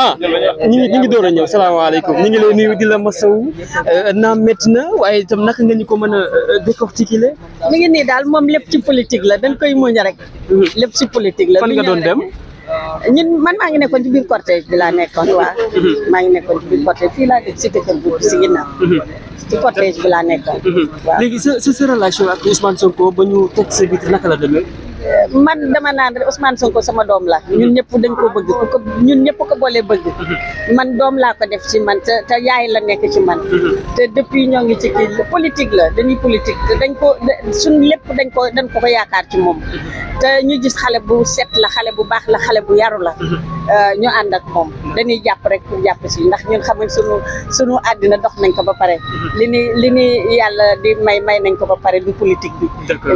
ah ñu ngi ñu ngi door a ñëw salaamaaleykum ñu ngi lay nuyu di la masawu euh, naam métti na waaye itam naka nga ñu ko mën a euh, décortiquer. mi ngi nii daal moom lépp ci politique la dañ koy muñ rek. Mhm. lépp ci politique la. fan nga doon dem. ñun man maa ngi nekkoon ci biir cortège bi laa nekkoon waa. Mhm. maa ngi nekkoon ci biir cortège fii laa dégg si kër bu si ginnaaw. Mhm. ci cortège bi laa nekkoon. waaw léegi sa sa relation ak Ousmane ko ba ñu teg sa vitre naka la demee. man dama naan rek Ousmane ko sama doom la ñun ñëpp dañ koo bëgg ku ko ñun ñëpp ko boolee bëgg man doom laa ko def ci man te te yaay la nekk ci man te depuis ñoo ngi ci kii politique la dañuy politique dañ ko suñ lépp dañ ko dañ ko ko yaakaar ci moom te ñu gis xale bu set la xale bu baax la xale bu yaru la Euh, ñu ànd ak moom dañuy jàpp rek pour jàpp si ndax ñun xam nga sunu sunu àddina dox nañ ko ba pare mhm. li ni li ni yàlla di may may nañ ko ba pare du politique bi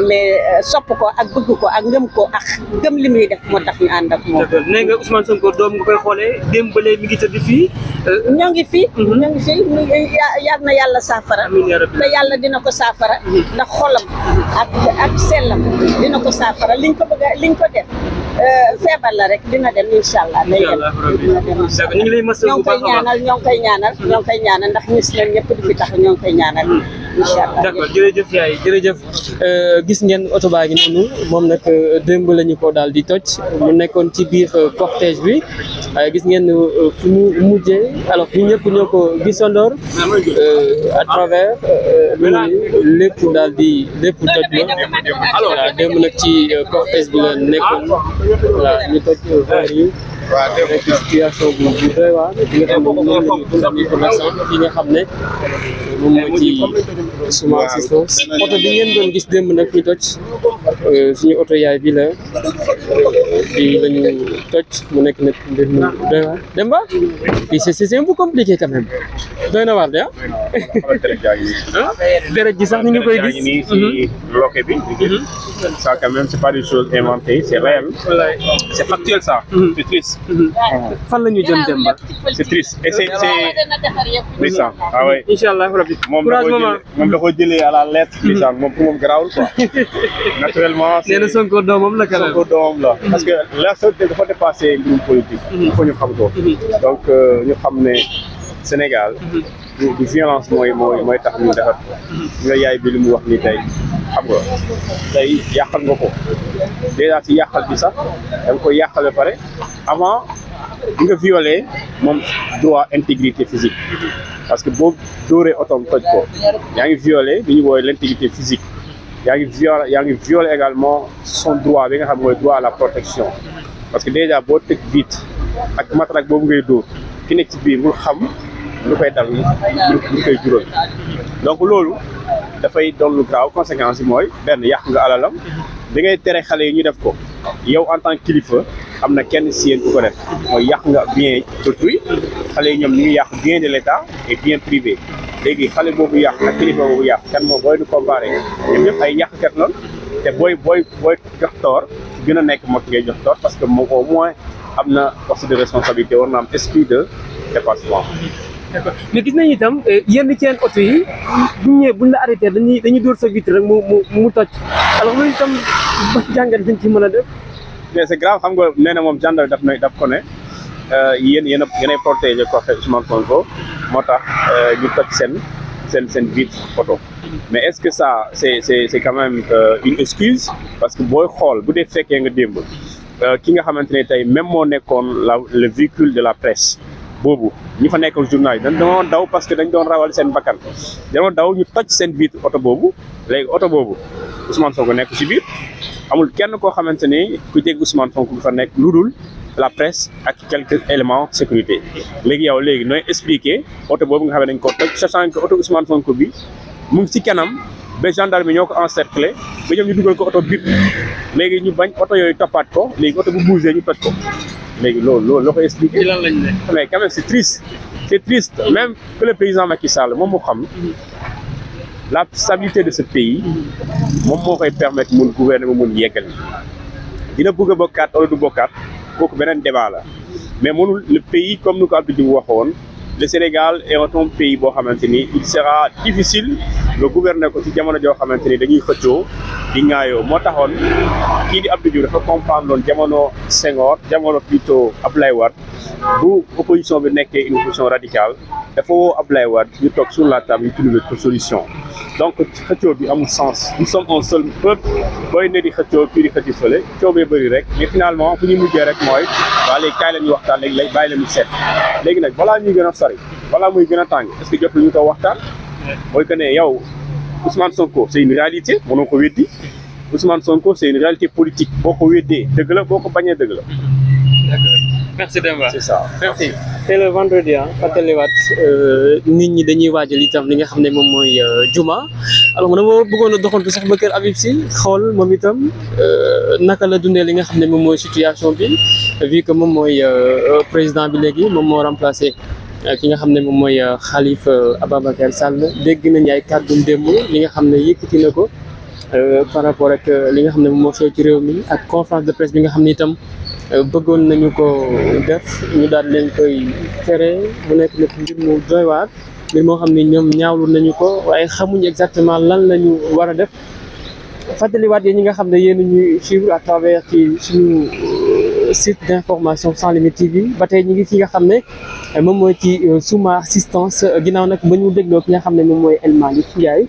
mais euh, sopp ko ak bëgg ko ak ngëm ko ak gëm li muy def moo tax ñu ànd ak moom nee nga Ousmane Sonko doom nga koy xoolee démb ba léegi mi ngi tëdd fii euh, ñoo ngi fii mhm. ñoo ngi fii yal na yàlla saafara te yàlla dina ko saafara mhm. ndax xolam ak ak sellam dina ko saafara liñ ko bëgg liñ ko def Euh, feebar la rek dina dem incha allah. incha allah dina dem incha allah ñu ngi lay masawu a ñoo koy ñaanal ñoo koy ñaanal ñoo ndax ñun si ñun ñëpp du fi tax ñoo ngi koy ñaanal. incha jërëjëf yaay euh, gis ngeen oto baa ngi noonu moom nag euh, démb lañu ko daal di toj mu nekkoon ci biir euh, cortège bi gis ngeen fu mu mujje alors ñu ñëpp ñoo ko gisandoor à travers lépp daal di lépp toj la démb nag ci cortège bi la nekkoon voilà ñu toj waaw dégg nga situation bu bu doy waar bi nga xam ne moom la ñu dund ak commerçant yi nga xam ne moom moo ci suma assistance oto bi ngeen doon gis démb nag ñu toj suñu oto yaay bi la bi lañu toj mu nekk nag mbir mu doy waar dem ba fii c'est c'est un peu compliqué quand même doy na waar de ah deret ji sax ñu ngi koy gis nii si loke bi ça quand mhm. même fan la ñu jëm dem ba. c'est triste et c'est ndeysaan ah oui incha allah rabbi moom da koo jëlee moom da koo jëlee à la lettre. ndeysaan moom pour moom garaawul quoi. naturellement c'est nee na la kanam Sonko doomam la. Mm-hmm. parce que la société dafa dépassé mbirum politique. Mm-hmm. il faut ñu xam mm-hmm. donc euh, ñu xam ne. Sénégal du violence mooy mooy mooy tax ñu defar ko nga yaay bi li mu wax ni tay xam nga tey yàqal nga ko dèjà ci yàqal bi sax da nga koy yàqal ba pare avant nga violé moom droit intégrité physique parce que boo dóoree otoom ko yaa ngi violé li ñu woowe l' intégrité physique yaa ngi violé yaa ngi violé également son droit bi nga xam mooy droit à la protection parce que dèjà boo tëj vite ak matraque boobu ngay dóor ki nekk ci biir mu xam lu koy dal lu koy jural donc loolu dafay doon lu graaw conséquence bi mooy benn yàq nga alalam da ngay tere xale yi ñu def ko yow en tant kilifa am na kenn si yéen ku ko def mooy yàq nga bien d'autrui xale yi ñoom ñu ngi yàq bien de l'État et bien privé léegi xale boobu yàq ak kilifa boobu yàq kenn moo booy nu comparé ñoom ñëpp ay yàqkat loon te booy booy booy jox toor gën a nekk moo ngay jox toor parce que moo au moins am na aussi de responsabilité war na am esprit de dépassement d'accord mais gis nañu itam euh, yenn ci yenn oto yi buñ la arrêté dañuy dañuy dóor sa vitre rek mu mu mu toj alors loolu itam ba jàngat dañ ci mën a def. mais c'est grave xam nga nee moom gendarme daf na daf ko ne euh, yéen yéen a yéen ay protégé ko Ousmane Sonko moo tax euh, ñu toj seen seen seen vitre oto. mais est-ce que ça c'est c'est c'est quand même une excuse parce que booy xool bu dee fekkee nga démb ki nga xamante ne tey même moo nekkoon la le véhicule de la presse. boobu ñu fa nekkoon journal yi dañ doon daw parce que dañ doon rawal seen bakkan dama daw ñu toj seen vitre oto boobu léegi oto boobu Ousmane Sonko nekk ci biir amul kenn koo xamante ni ku dégg Ousmane Sonko du fa nekk lu dul la presse ak quelques éléments sécurité léegi yow léegi nooy expliquer oto boobu nga xam ne dañ ko toj sachant oto Ousmane Sonko bi mu ngi ci kanam ba gendarme bi ñoo ko encerclé ba ñoom ñu dugal ko oto bip ñu bañ oto yooyu toppaat ko léegi oto bu bougé ñu toj ko léegi loolu loolu la ko expliqué. même c'est triste. c'est triste que le président Macky Sall moom moo xam. la stabilité de ce pays. moom moo koy permettre mun gouverner mu mun yeggal. dina bëgg a bokkaat wala du bokkaat kooku beneen débat la mais mënul le pays comme ni ko Abdou le Sénégal est un pays boo xamante ni il sera difficile. nga gouverner ko ci jamono joo xamante ni dañuy xëccoo di ŋaayoo moo taxoon kii di Abdou Diouf dafa comprendre loon jamono Senghor jamono plutôt Abdoulaye Wade bu opposition bi nekkee une opposition radicale dafa woo Abdoulaye Wade ñu toog sur la table ñu trouver ko solution donc xëccoo bi amul sens nous sommes un seul peuple booy ne di xëccoo kii di xëcci fële coobee bëri rek mais finalement fu ñu mujjee rek mooy waa léegi kaay la ñuy waxtaan léegi lay bàyyi la ñu seet léegi nag balaa ñuy gën a sori balaa muy gën a tàng est ce que ñu ko waxtaan mooy que ne yow Ousmane Sonko c'est une réalité mënoo ko weddi Ousmane Sonko c'est une réalité politique boo ko weddee dëgg la boo ko bañee dëgg la. merci Demba c'est ça merci. tey le vendredi euh, nit ñi dañuy waajal itam li nga xam ne moom mooy euh, juma alors dama bëggoon a doxantu sax ba kër Habib si xool moom itam euh, naka la dundee li nga xam ne moom mooy situation bi vu que moom mooy président bi léegi moom moo remplacé. Euh, ki nga xam ne moom mooy euh, Khalifa euh, Ababacar Sall dégg nañ ay kàddu démb li nga xam ne yëkkati na ko par rapport ak li nga xam ne moom moo xew ci réew mi ak conférence de presse bi nga xam ne itam bëggoon nañu ko def ñu daal leen koy tere mu nekk nag mbir mu doy waar mbir moo xam ne ñoom ñaawlu nañu ko waaye xamuñ exactement lan lañu war a def fàttaliwaat yi ñi nga xam ne yéen ñuy suivre à travers ci suñu Euh, site d'information sans limite TV ba tey ñu ngi fi nga xam ne euh, moom mooy ci euh, suma assistance ginnaaw nag ba ñu dégloo ki nga xam ne moom mooy El yaay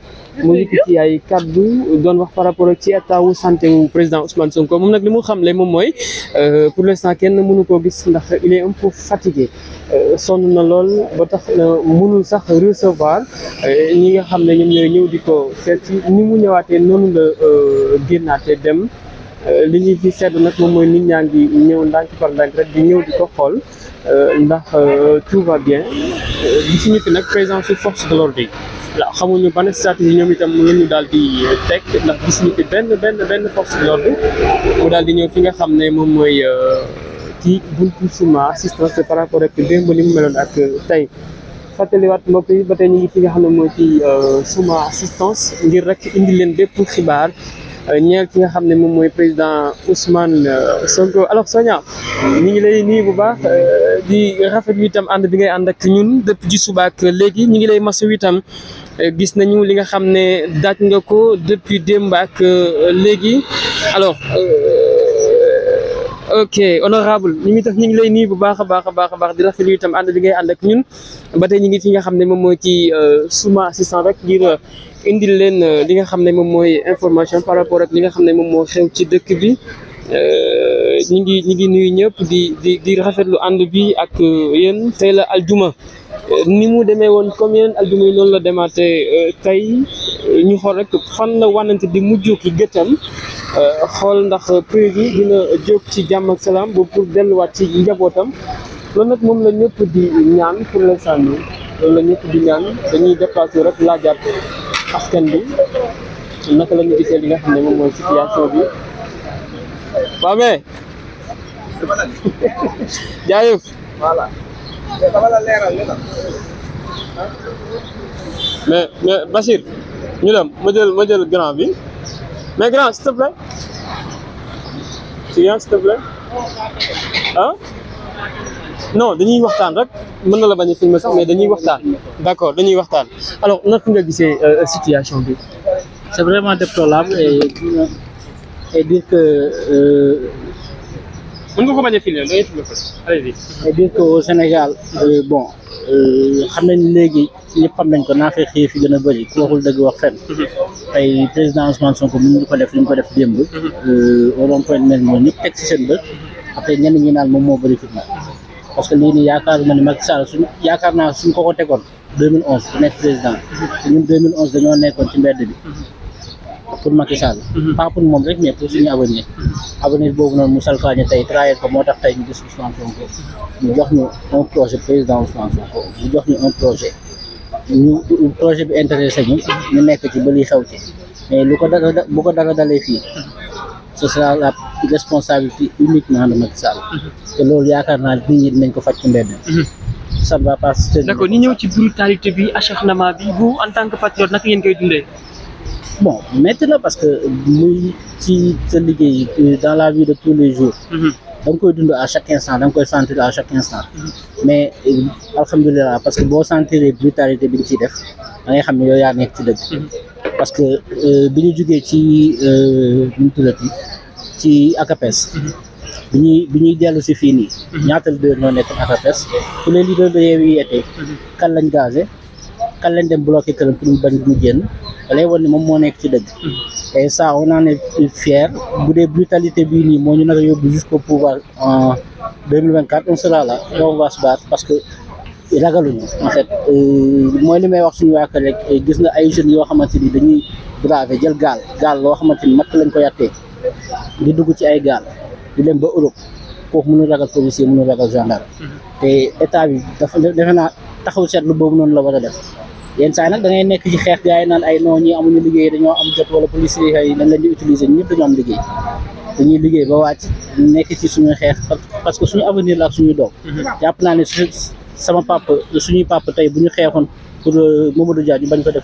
mooy mu yëkkati ay kaddu doon wax par rapport ak ci état wu santé wu président Ousmane Sonko moom nag li mu xam ne moom mooy pour le l'instant kenn mënu koo gis ndax il est un peu fatigué sonn na lool ba tax na mënul sax recevoir ñi nga xam ne ñoom ñooy ñëw di ko seet ni mu ñëwaatee noonu la génnaatee dem. Euh, li ñu ci sedd nag moom mooy nit ñaa ngi ñëw ndànk par ndànk rek di ñëw di ko xool euh, ndax euh, tout va bien gisuñu fi nag présence su force de l'ordre yi waaw xamuñu ban stratégie ñoom itam la ñu daal di teg ndax gisuñu fi benn benn benn force de mu daal di ñëw fi nga xam ne moom mooy ci buntu suma assistance par rapport ak ba li mu meloon ak tey fàttaliwaat mbokk yi ba tey ñu ngi fi nga xam ne mooy fi suma assistance ngir rek indi leen bépp xibaar ñeel ki nga xam ne moom mooy président Ousmane euh, Sonko alors Sonia ñu ngi lay nuyu bu baax euh, di rafet rafetlu itam ànd bi ngay ànd ak ñun depuis ci suba léegi ñu ngi lay masawu itam euh, gis nañu li nga xam ne daaj nga ko depuis démb ak léegi alors. ok honorable ñu ngi tax ñu ngi lay nuyu bu baax a baax a baax a baax di rafetlu itam ànd bi ngay ànd ak ñun ba tey ñu ngi fi nga xam ne moom mooy ci euh, suma assistant rek ngir euh, indil leen euh, li nga xam ne moom mooy information par rapport ak li nga xam ne moom moo xew ci dëkk bi ñu ngi ñu ngi ñëpp di di di rafetlu ànd bi ak yéen tey la aljuma ni mu demee woon comme yeneen aljuma yi noonu la demaate tey ñu xool rek xan la wanante di mujj ki gëtam Euh, xool ndax prix bi dina jóg ci jàmm ak salaam bu pour delluwaat ci njabootam loolu nag moom la ñëpp di ñaan pour l'instant bi loolu la ñëpp di ñaan dañuy dépassé rek laajaat askan bi naka la ñu gisee li nga xam ne moom mooy situation bi waa mais jaayëf voilà mais mais Bachir ñu dem ma jël ma jël grand bi mais grand s'il te plaît client s'il te plaît non dañuy waxtaan rek mën na la bañ a filmer sax mais dañuy waxtaan d'accord dañuy waxtaan alors naka nga gisee euh, situation bi c'est vraiment déplorable et et dire que euh, mën nga ko bañ a filmer da ngay filmer ko au Sénégal euh, bon euh, xam nañ léegi ñëpp xam nañ ko naa fee xëy fi gën a bëri wax fenn mhm. tey président Ousmane Sonko mu ngi ko def li mu ko def démb. Mhm. Euh, au rond point mel mooy nit teg si seen bët après ñenn ñi naan moom moo bëri fitna parce que lii nii yaakaar ma ne Macky Sall suñ yaakaar naa suñ ko ko tegoon 2011 bu nekk mhm. dañoo nekkoon ci mbedd bi mhm. pour Macky Sall. pas pour moom rek mais pour suñu avenir avenir boobu noonu mu salfaañe tey trahir ko moo tax tey ñu gis Ousmane Sonko ñu jox ñu un projet président Ousmane Sonko ñu jox ñu un projet. ñu projet bi intéressé bi ñu nekk ci ba li xew ci mais lu ko dara bu ko dara dalee fii ce sera la responsabilité uniquement de Macky Sall te loolu yaakaar naa nit ñi dinañ ko faj ci mbedd mhm. ça ne va pas se d'accord ñu ñëw ci brutalité bi acharnement bi bu en tant que patriote naka ngeen koy dundee bon metti na parce que muy ci sa liggéey euh, dans la vie de tous les jours mhm. da koy dund à chaque instant danga koy sentir à chaque instant mais alhamdulilah parce que boo sentir brutalité bi ñu ciy def da ngay xam ne yooyu yaa nekk ci dëgg parce que euh, bi ñu jugee ci ñu euh, tuddati ci ACAPES bi ñuy ñuy dellu si fii nii ñaata leader ñoo nekk ACAPES tous les leaders de Yewwi yeetee kan lañ gazé kan lañ dem bloqué këram pour ñu bañ ñu génn da lay ne moom moo nekk ci dëgg et saa on en est fier bu dee brutalité bii nii moo ñu naka yóbbu jusqu'au pouvoir en 2024 on sera là on va se battre parce que ragaluñu en fait euh, mooy li may wax suñu waa kër rek euh, gis nga ay jeunes yoo xamante ni dañuy braver jël gaal gaal loo xamante ni matt lañ ko yàttee di dugg ci ay gaal di leen ba Europe kooku mënul ragal policier mënul ragal gendarme mm-hmm. te état bi dafa defe naa taxaw seetlu boobu noonu la war a def yenn saa nag da ngay nekk ci xeex gars yi naan ay noo ñi amuñu liggéey dañoo am jot wala policier yi dañ leen di utiliser ñëpp dañoo am liggéey dañuy liggéey ba wàcc nekk ci suñuy xeex parce que suñu avenir la ak suñuy doom jàpp naa ne sama papa suñuy papa tey bu ñu xeexoon pour euh, Mamadou Dia ñu bañ ko def